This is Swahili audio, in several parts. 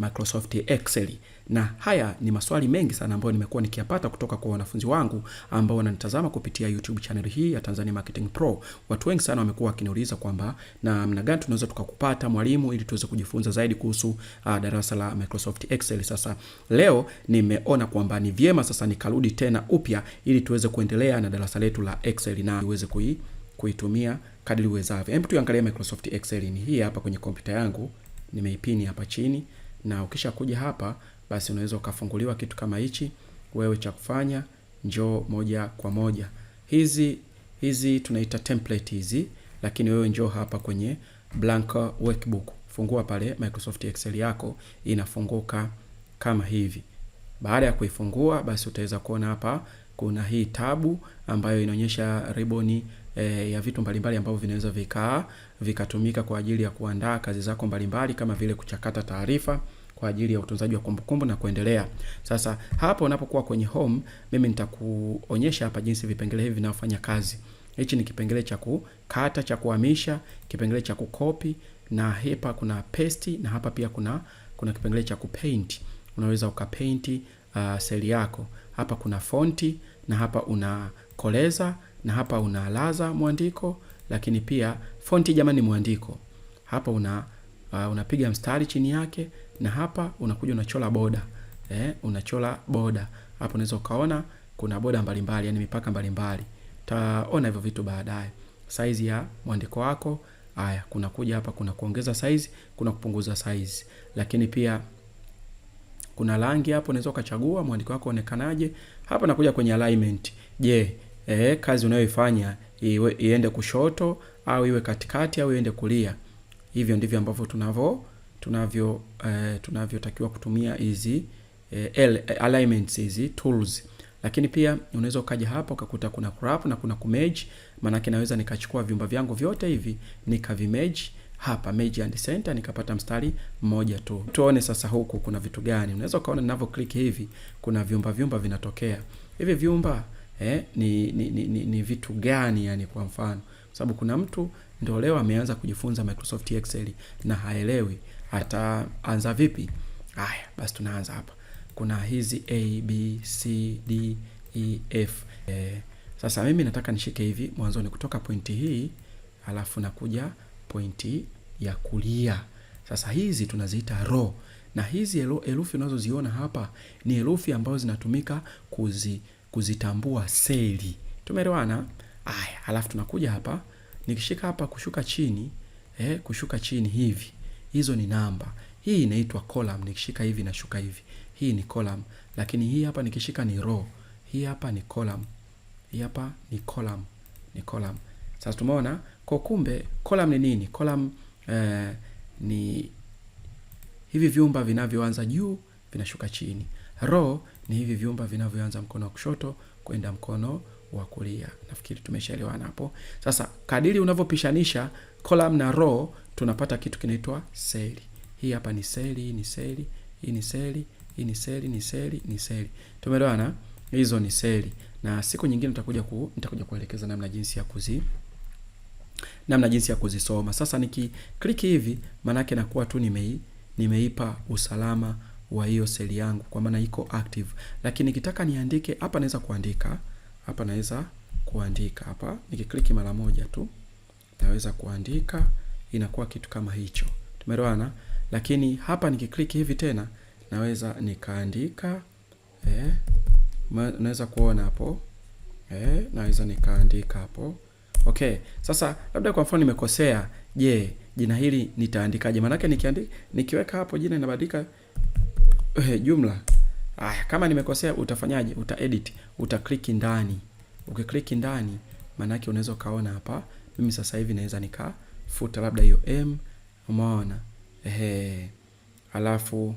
Microsoft Excel. Na haya ni maswali mengi sana ambayo nimekuwa nikiyapata kutoka kwa wanafunzi wangu ambao wananitazama kupitia YouTube channel hii ya Tanzania Marketing Pro. Watu wengi sana wamekuwa wakiniuliza kwamba namna gani tunaweza tukakupata mwalimu, ili tuweze kujifunza zaidi kuhusu uh, darasa la Microsoft Excel. Sasa leo nimeona kwamba ni vyema sasa nikarudi tena upya ili tuweze kuendelea na darasa letu la Excel na iweze kui, kuitumia kadri uwezavyo. Hebu tuangalie Microsoft Excel. Ni hii hapa kwenye kompyuta yangu, nimeipini hapa chini na ukisha kuja hapa basi unaweza ukafunguliwa kitu kama hichi. Wewe cha kufanya njoo moja kwa moja, hizi hizi tunaita template hizi, lakini wewe njoo hapa kwenye blank workbook, fungua pale Microsoft Excel yako inafunguka kama hivi. Baada ya kuifungua, basi utaweza kuona hapa kuna hii tabu ambayo inaonyesha riboni e, ya vitu mbalimbali ambavyo vinaweza vikaa vikatumika kwa ajili ya kuandaa kazi zako mbalimbali kama vile kuchakata taarifa kwa ajili ya utunzaji wa kumbukumbu na kuendelea. Sasa hapo unapokuwa kwenye home, mimi nitakuonyesha hapa jinsi vipengele hivi vinavyofanya kazi. Hichi ni kipengele cha kukata, cha kuhamisha, kipengele cha kukopi na hapa kuna paste na hapa pia kuna kuna kipengele cha kupaint. Unaweza ukapaint uh, ah, seli yako. Hapa kuna fonti na hapa unakoleza na hapa unalaza mwandiko, lakini pia fonti jamani, mwandiko hapa una uh, unapiga mstari chini yake, na hapa unakuja unachola boda eh, unachola boda hapo. Unaweza ukaona kuna boda mbalimbali, yani mipaka mbalimbali. Utaona hivyo vitu baadaye. saizi ya mwandiko wako haya, kuna kuja hapa, kuna kuongeza size, kuna kupunguza size, lakini pia kuna rangi hapo, unaweza ukachagua mwandiko wako onekanaje. Hapa nakuja kwenye alignment. Je, e, kazi unayoifanya iende kushoto au iwe katikati au iende kulia. Hivyo ndivyo ambavyo tunavyo tunavyo e, tunavyotakiwa kutumia hizi e, alignments hizi tools. Lakini pia unaweza ukaja hapa ukakuta kuna crop na kuna kumage. maana yake naweza nikachukua vyumba vyangu vyote hivi nikavimage hapa merge and center nikapata mstari mmoja tu. Tuone sasa huku kuna vitu gani. Unaweza ukaona ninavyo click hivi kuna vyumba vyumba vinatokea. Hivi vyumba eh, ni, ni, ni, ni, ni vitu gani yani, kwa mfano, kwa sababu kuna mtu ndio leo ameanza kujifunza Microsoft Excel na haelewi ataanza vipi. Haya basi, tunaanza hapa, kuna hizi a b c d e f eh, sasa mimi nataka nishike hivi mwanzoni kutoka pointi hii alafu nakuja pointi ya kulia. Sasa hizi tunaziita row na hizi herufi unazoziona hapa ni herufi ambazo zinatumika kuzi kuzitambua seli. Tumeelewana? Haya, alafu tunakuja hapa, nikishika hapa kushuka chini eh, kushuka chini hivi, hizo ni namba. Hii inaitwa column, nikishika hivi nashuka hivi, hii ni column. Lakini hii hapa nikishika ni row, hii hapa ni column, hii hapa ni column, ni column. Sasa tumeona kwa kumbe column ni nini? Column eh, ni hivi vyumba vinavyoanza juu vinashuka chini. Row ni hivi vyumba vinavyoanza mkono wa kushoto kwenda mkono wa kulia. Nafikiri tumeshaelewana hapo. Sasa kadiri unavyopishanisha column na row, tunapata kitu kinaitwa seli. Hii hapa ni seli, hii ni seli, hii ni seli, hii ni seli, ni seli, ni seli. Tumeelewana? Hizo ni seli. Na siku nyingine nitakuja ku, nitakuja kuelekeza namna jinsi ya kuzi namna jinsi ya kuzisoma. Sasa niki nikikliki hivi, maanake nakuwa tu nimei nimeipa usalama wa hiyo seli yangu, kwa maana iko active. Lakini nikitaka niandike hapa, naweza kuandika hapa, naweza kuandika hapa, nikiklik mara moja tu naweza kuandika, inakuwa kitu kama hicho, tumeelewana. Lakini hapa nikiklik hivi tena naweza nikaandika eh, naweza kuona hapo eh, naweza nikaandika hapo. Okay, sasa labda kwa mfano nimekosea. Je, jina hili nitaandikaje? Maanake nikiandika nikiweka hapo jina inabadilika eh, jumla. Aya, kama nimekosea utafanyaje? Uta edit, uta click ndani. Ukiklik ndani, maana yake unaweza kaona hapa. Mimi sasa hivi naweza nikafuta labda hiyo m, umeona ehe, alafu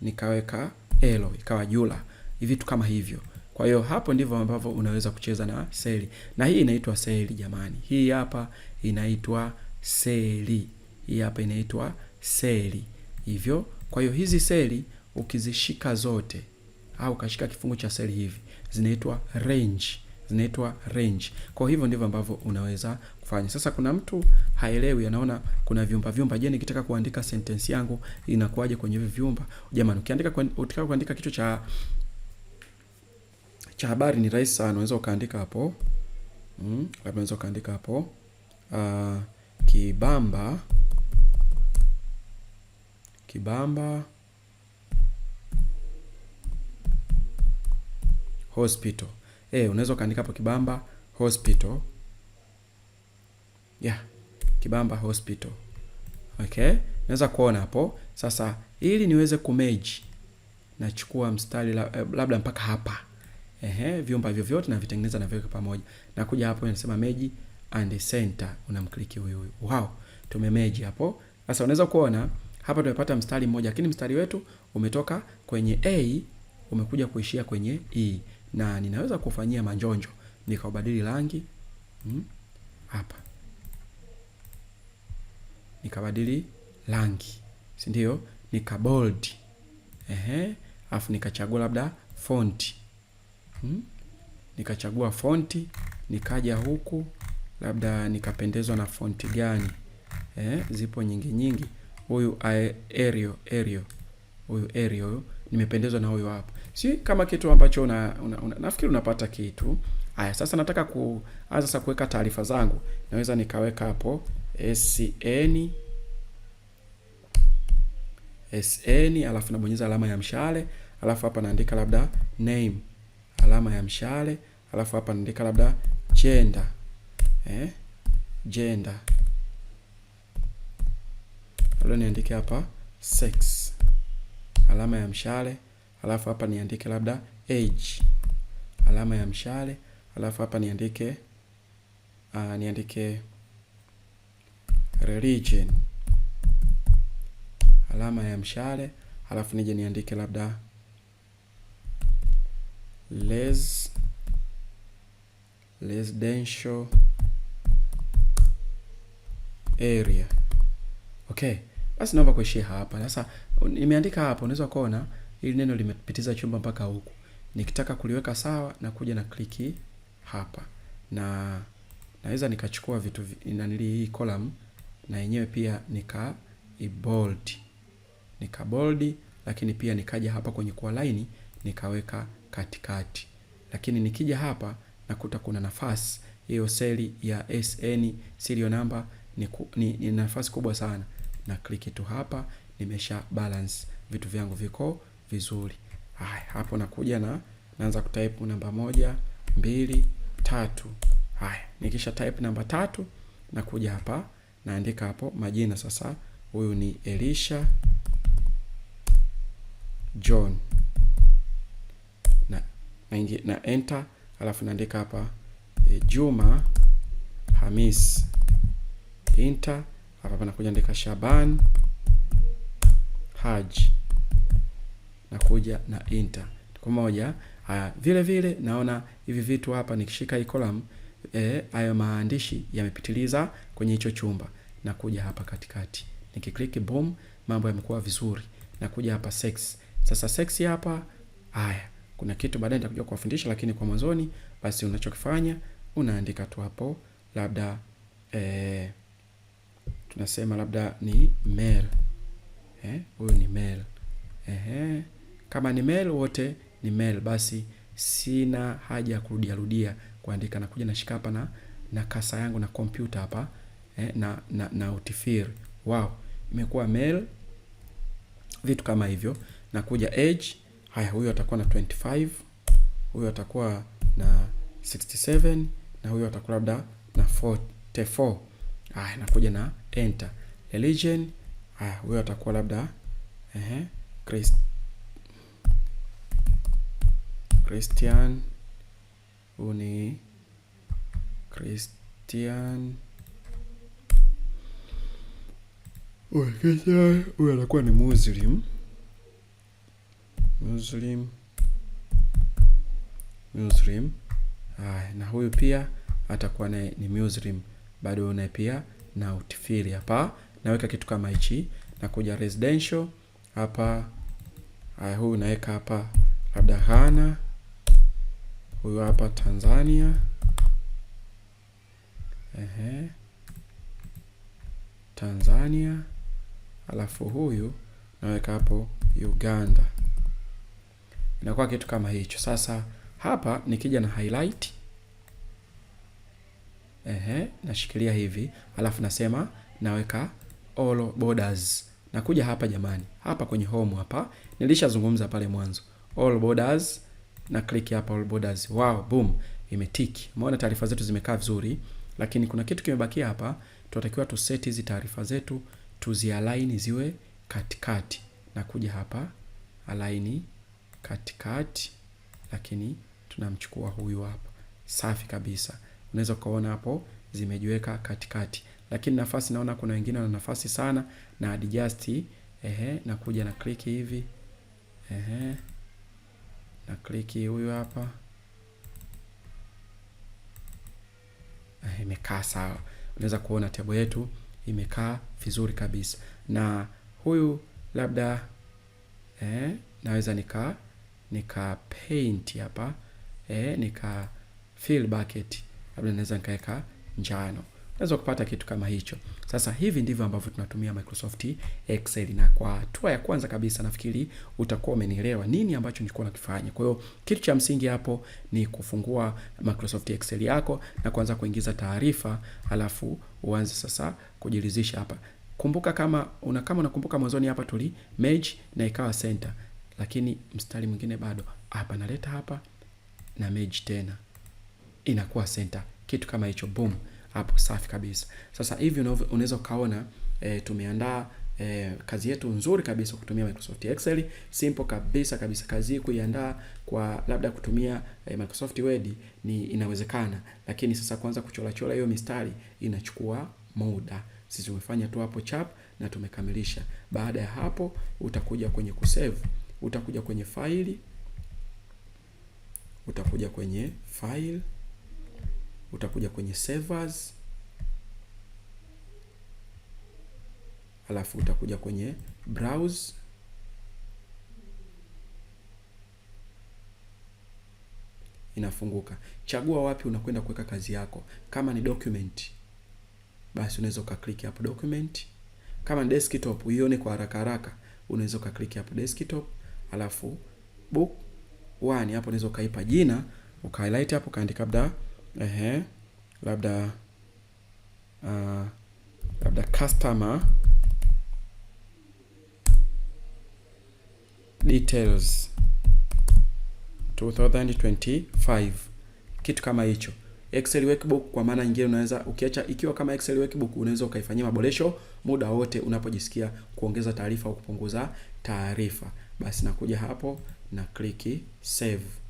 nikaweka elo ikawa jula, vitu kama hivyo. Kwa hiyo hapo ndivyo ambavyo unaweza kucheza na seli, na hii inaitwa seli jamani. Hii hapa inaitwa seli, hii hapa inaitwa seli hivyo. Kwa hiyo hizi seli ukizishika zote au ukashika kifungu cha seli hivi zinaitwa range, zinaitwa range. Kwa hivyo ndivyo ambavyo unaweza kufanya. Sasa kuna mtu haelewi, anaona kuna vyumba vyumba. Je, nikitaka kuandika sentensi yangu inakuwaje kwenye hivi vyumba? Jamani, ukiandika ukitaka kuandika kichwa cha cha habari ni rahisi sana, unaweza ukaandika hapo mm, labda unaweza ukaandika hapo uh, kibamba kibamba hospital. Eh, unaweza ukaandika hapo Kibamba hospital. Yeah, Kibamba hospital. Okay, naweza kuona hapo sasa. Ili niweze kumeji, nachukua mstari eh, labda mpaka hapa. Ehe, vyumba vyovyote na vitengeneza na viweke pamoja. Nakuja hapo inasema meji and center, unamkliki huyu huyu. Wow, tumemeji hapo. Sasa unaweza kuona hapa tumepata mstari mmoja, lakini mstari wetu umetoka kwenye A umekuja kuishia kwenye E na ninaweza kufanyia manjonjo nikaubadili rangi hmm, hapa hmm? nikabadili rangi, si ndio? Nika bold ehe, afu nikachagua labda fonti hmm? nikachagua fonti, nikaja huku labda nikapendezwa na fonti gani eh? Zipo nyingi nyingi, huyu Arial Arial, huyu Arial nimependezwa na huyo hapo, si kama kitu ambacho una, una, una, nafikiri unapata kitu. Haya, sasa nataka kuanza sasa kuweka taarifa zangu, naweza nikaweka hapo SN SN, alafu nabonyeza alama ya mshale, alafu hapa naandika labda name, alama ya mshale, alafu hapa naandika labda gender eh, gender, labda niandike hapa sex alama ya mshale, alafu hapa niandike labda age, alama ya mshale, alafu hapa niandike uh, niandike religion, alama ya mshale, alafu nije niandike labda les residential area. Okay, basi naomba kuishia hapa sasa. Nimeandika hapo, unaweza kuona ili neno limepitiza chumba mpaka huku. Nikitaka kuliweka sawa na kuja na kliki hapa. Na naweza nikachukua vitu inanili hii column na yenyewe pia nika bold. Nika bold lakini pia nikaja hapa kwenye kwa line nikaweka katikati. Lakini nikija hapa nakuta kuna nafasi hiyo seli ya SN serial number ni, ni, ni nafasi kubwa sana na kliki tu hapa nimesha balance vitu vyangu viko vizuri. Haya, hapo nakuja na naanza kutype namba moja, mbili, tatu. Haya, nikisha type namba tatu nakuja hapa naandika hapo majina sasa. Huyu ni Elisha John na, na, ingi, na enter, alafu naandika hapa e, Juma Hamis enter, alafu nakuja andika Shaban haj na kuja na enter kwa moja Haya, vile vile naona hivi vitu hapa, nikishika hii column eh, hayo maandishi yamepitiliza kwenye hicho chumba. Nakuja hapa katikati nikiklik, boom, mambo yamekuwa vizuri. Nakuja hapa sex. Sasa sex hapa, haya kuna kitu baadaye nitakuja kuwafundisha, lakini kwa mwanzoni basi unachokifanya unaandika tu hapo labda eh, tunasema labda ni male eh, huyu ni male eh, kama ni male wote ni male, basi sina haja ya kurudia rudia kuandika. Nakuja nashika hapa na na kasa yangu na kompyuta hapa eh, na, na, na utifir. wow, imekuwa male, vitu kama hivyo. Nakuja age, haya, huyu atakuwa na 25, huyu atakuwa na 67 na huyu atakuwa labda na 44. Haya, nakuja na enter religion Haya, eh, huyo atakuwa labda eh, Christ, Christian. Huyu ni Christian, huyo atakuwa ni Muslim, Muslim, Muslim. Haya, na huyu pia atakuwa ni Muslim, bado naye pia na utifili hapa naweka kitu kama hichi, nakuja residential hapa. Haya, huyu naweka hapa labda Hana, huyu hapa Tanzania. Ehe. Tanzania, alafu huyu naweka hapo Uganda, inakuwa kitu kama hicho. Sasa hapa nikija na highlight ehe, nashikilia hivi, alafu nasema naweka all borders. Nakuja hapa jamani, hapa kwenye home hapa nilishazungumza pale mwanzo all borders, na click hapa all borders. Wow, boom, imetiki. Umeona taarifa zetu zimekaa vizuri, lakini kuna kitu kimebakia hapa. Tunatakiwa tu set hizi taarifa zetu tuzialign ziwe katikati. Nakuja hapa align katikati, lakini tunamchukua huyu hapa. Safi kabisa unaweza ukaona hapo zimejiweka katikati, lakini nafasi naona kuna wengine wana nafasi sana na adjust, ehe, na kuja na click hivi, ehe, na click huyu hapa, eh, imekaa sawa. Unaweza kuona tebo yetu imekaa vizuri kabisa, na huyu labda eh, naweza nika nika paint hapa eh, nika fill bucket labda naweza nikaweka njano unaweza kupata kitu kama hicho. Sasa hivi ndivyo ambavyo tunatumia Microsoft Excel, na kwa hatua ya kwanza kabisa nafikiri utakuwa umenielewa nini ambacho nilikuwa nakifanya. Kwa hiyo kitu cha msingi hapo ni kufungua Microsoft Excel yako na kuanza kuingiza taarifa, alafu uanze sasa kujiridhisha hapa. Kumbuka kama una kama unakumbuka mwanzoni hapa tuli merge na ikawa center, lakini mstari mwingine bado hapa naleta hapa na merge tena inakuwa center, kitu kama hicho boom. Hapo safi kabisa. Sasa hivi unaweza ukaona e, tumeandaa e, kazi yetu nzuri kabisa kutumia Microsoft Excel, simple kabisa kabisa. Kazi hii kuiandaa kwa labda kutumia e, Microsoft Word ni inawezekana, lakini sasa kwanza kuchora chora hiyo mistari inachukua muda. Sisi umefanya tu hapo chap na tumekamilisha. Baada ya hapo, utakuja kwenye kusave, utakuja kwenye faili, utakuja kwenye file utakuja kwenye servers, alafu utakuja kwenye browse inafunguka. Chagua wapi unakwenda kuweka kazi yako. Kama ni document, basi unaweza ukaklik hapo document. Kama ni desktop, uione kwa haraka haraka, unaweza ukaklik hapo desktop, alafu book one hapo unaweza ukaipa jina, ukahighlight hapo, kaandika labda ehe, labda uh, labda customer details 2025 kitu kama hicho. Excel workbook kwa maana nyingine, unaweza ukiacha ikiwa kama Excel workbook, unaweza ukaifanyia maboresho muda wote unapojisikia kuongeza taarifa au kupunguza taarifa. Basi nakuja hapo na kliki save.